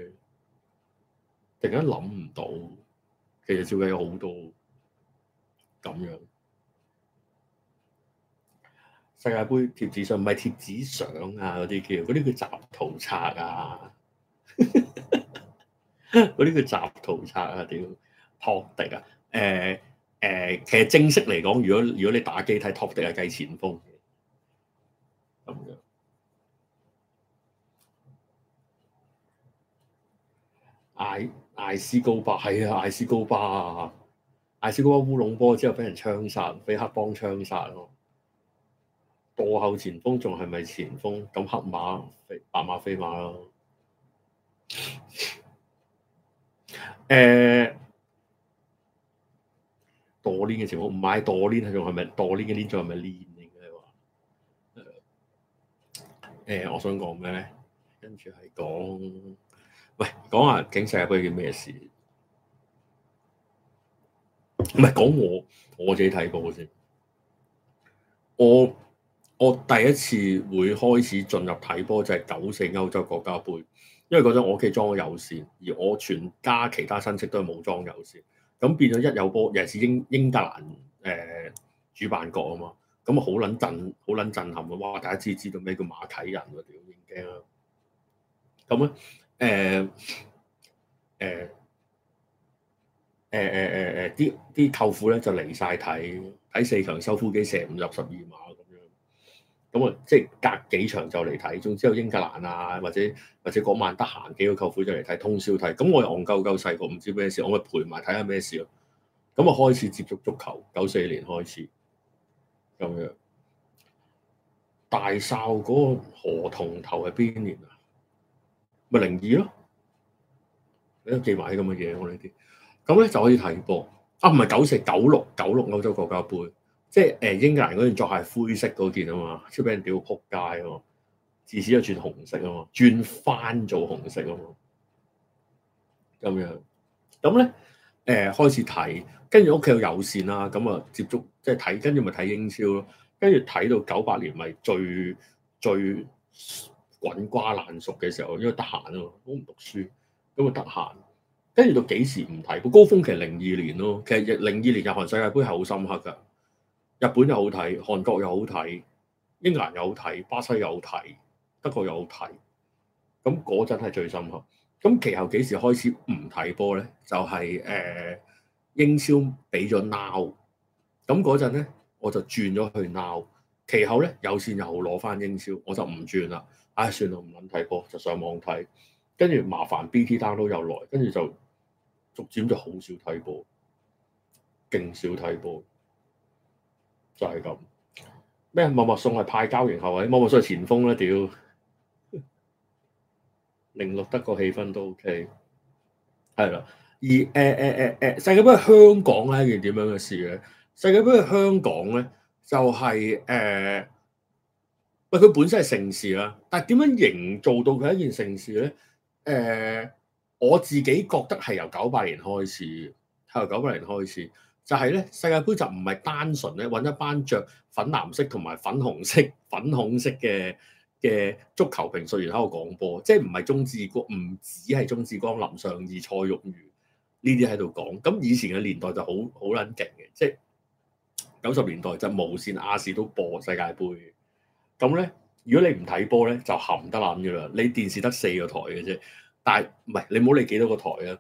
突然間諗唔到，其實照計有好多咁樣。世界杯貼紙上唔係貼紙相啊，嗰啲叫嗰啲叫集圖冊啊，嗰 (laughs) 啲叫集圖冊啊，屌托迪啊，誒、呃、誒、呃，其實正式嚟講，如果如果你打機睇托迪係計前鋒。艾艾斯高巴係啊，艾斯高巴啊，艾斯高巴烏龍波之後俾人槍殺，俾黑幫槍殺咯。墮後前鋒仲係咪前鋒？咁黑馬白馬飛馬咯。誒、欸、墮鏈嘅前鋒唔係墮鏈，係仲係咪墮鏈嘅鏈仲係咪鏈嚟嘅？你話，誒、欸，我想講咩咧？跟住係講。喂，講下世界盃叫咩事？唔係講我我自己睇波先。我我第一次會開始進入睇波就係九四歐洲國家盃，因為嗰陣我屋企裝咗有線，而我全家其他親戚都係冇裝有線，咁變咗一有波，尤其是英英格蘭誒主辦國啊嘛，咁啊好捻震，好捻震撼啊！哇，大家知知道咩叫馬啟仁啊？點驚啊？咁咧。誒誒誒誒誒誒，啲啲舅父咧就嚟晒睇睇四強收褲機，射五六十二碼咁樣。咁啊，即係隔幾場就嚟睇，總之有英格蘭啊，或者或者嗰晚得閒幾個舅父就嚟睇通宵睇。咁我又戇鳩鳩細個，唔知咩事，我咪陪埋睇下咩事咯。咁啊，開始接觸足球，九四年開始咁樣。大哨嗰個河童頭係邊年啊？咪零二咯，你都記埋啲咁嘅嘢我呢啲，咁咧就可以睇波。啊，唔係九四九六九六歐洲國家杯，即係誒英格蘭嗰件着係灰色嗰件啊嘛，出俾人屌撲街啊嘛，自此就轉紅色啊嘛，轉翻做紅色啊嘛，咁樣。咁咧誒開始睇，跟住屋企有有線啦，咁啊接觸即係睇，跟住咪睇英超咯，跟住睇到九八年咪最最。最滾瓜爛熟嘅時候，因為得閒啊嘛，都唔讀書，咁啊得閒，跟住到幾時唔睇？個高峰期零二年咯，其實零二年日韓世界盃係好深刻噶，日本又好睇，韓國又好睇，英格蘭又好睇，巴西又好睇，德國又好睇，咁嗰陣係最深刻。咁其後幾時開始唔睇波咧？就係、是、誒、呃、英超俾咗 Now，咁嗰陣咧我就轉咗去 Now，其後咧有線又攞翻英超，我就唔轉啦。唉、哎，算啦，唔撚睇波就上網睇，跟住麻煩 B T download 又耐，跟住就逐漸就好少睇波，勁少睇波，就係、是、咁。咩？默默送係派交型後衛，默默送係前鋒咧？屌，零六得個氣氛都 O K，係啦。而誒誒誒誒，世界杯香港咧係件點樣嘅事咧？世界杯去香港咧就係、是、誒。欸喂，佢本身係盛事啦，但係點樣營造到佢一件盛事咧？誒、呃，我自己覺得係由九八年開始，係由九八年開始，就係、是、咧世界杯就唔係單純咧揾一班着粉藍色同埋粉紅色、粉紅色嘅嘅足球評述員喺度講波，即係唔係鍾志國，唔止係鍾志光、林尚義、蔡玉如呢啲喺度講。咁以前嘅年代就好好撚勁嘅，即係九十年代就無線亞視都播世界杯。咁咧，如果你唔睇波咧，就冚得冧嘅啦。你電視得四個台嘅啫，但係唔係你冇理幾多個台啊。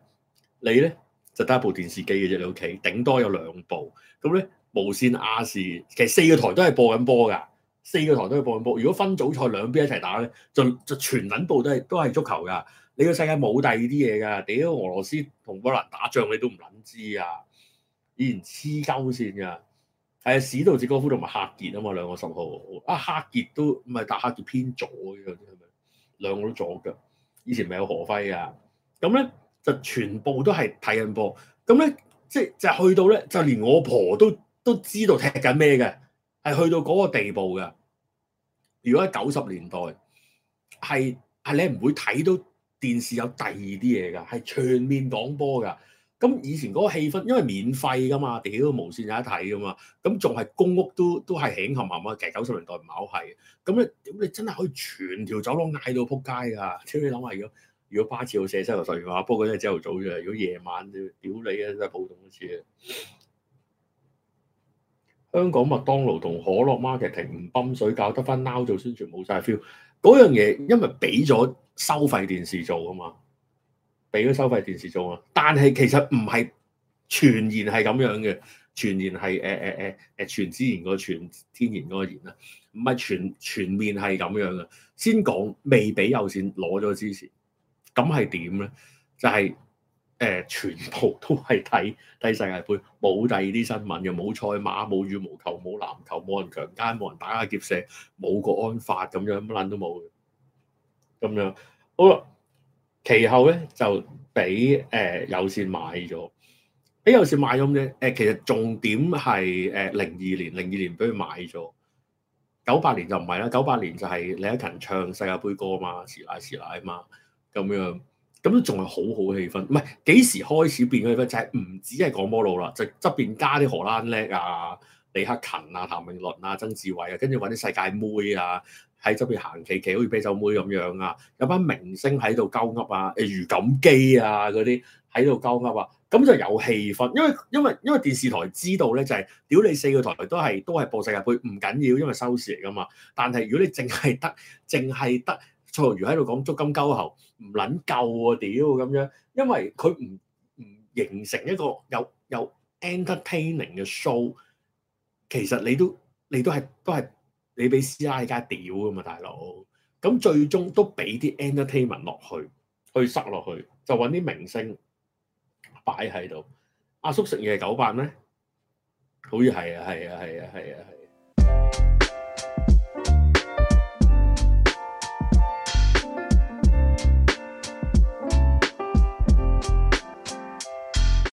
你咧就得一部電視機嘅啫，你屋企頂多有兩部。咁咧，無線亞視其實四個台都係播緊波㗎，四個台都係播緊波。如果分組賽兩邊一齊打咧，就就全撚部都係都係足球㗎。你個世界冇第二啲嘢㗎。屌，俄羅斯同波蘭打仗你都唔撚知啊！以前黐鳩線㗎、啊。係啊，史道字高夫同埋黑傑啊嘛，兩個十號啊，黑傑都唔係，但係黑傑偏左嘅，兩個都左腳。以前咪有何輝啊，咁咧就全部都係睇緊波。咁咧即係就去到咧，就連我婆都都知道踢緊咩嘅，係去到嗰個地步嘅。如果喺九十年代，係係你唔會睇到電視有第二啲嘢㗎，係全面廣播㗎。咁以前嗰個氣氛，因為免費噶嘛，地鐵都無線有得睇噶嘛，咁仲係公屋都都係興冚冚啊！其實九十年代唔係好係，咁咧咁你真係可以全條走廊嗌到撲街噶！即你諗下，如果如果巴士好到社車就嘅話，不過都係朝頭早啫。如果夜晚屌你啊，真係普通一次啊！香港麥當勞同可樂 marketing 唔泵水，搞得翻 now 做宣傳冇晒 feel。嗰樣嘢因為俾咗收費電視做啊嘛。俾咗收費電視做啊！但係其實唔係傳言係咁樣嘅，傳言係誒誒誒誒全自然個全天然嗰個言啦，唔係全全面係咁樣嘅。先講未俾有線攞咗之前，咁係點咧？就係、是、誒、呃，全部都係睇睇世界盃，冇第二啲新聞，又冇賽馬，冇羽毛球，冇籃球，冇人強奸，冇人打家劫舍，冇國安法咁樣，乜撚都冇嘅，咁樣好啦。其後咧就俾誒、呃、有線買咗，俾有線買咗咁咧誒，其實重點係誒零二年，零二年俾佢買咗。九八年就唔係啦，九八年就係李克勤唱世界杯歌啊嘛，是奶是奶啊嘛，咁樣咁仲係好好氣氛。唔係幾時開始變咗氣氛？就係、是、唔止係講摩路啦，就側邊加啲荷蘭叻啊，李克勤啊，譚詠麟啊，曾志偉啊，跟住揾啲世界妹啊。喺側邊行企企，好似啤酒妹咁樣啊！有班明星喺度鳩噏啊，誒余錦基啊嗰啲喺度鳩噏啊，咁就有氣氛。因為因為因為電視台知道咧，就係、是、屌你四個台都、都係都係播世界盃唔緊要，因為收視嚟噶嘛。但係如果你淨係得淨係得蔡卓如喺度講足金鳩喉，唔撚夠啊屌咁樣，因為佢唔唔形成一個有有 entertaining 嘅 show，其實你都你都係都係。你俾師奶家屌噶嘛，大佬？咁最終都俾啲 entertainment 落去，去塞落去，就揾啲明星擺喺度。阿叔食嘢九百咩？好似係啊，係啊，係啊，係啊，係。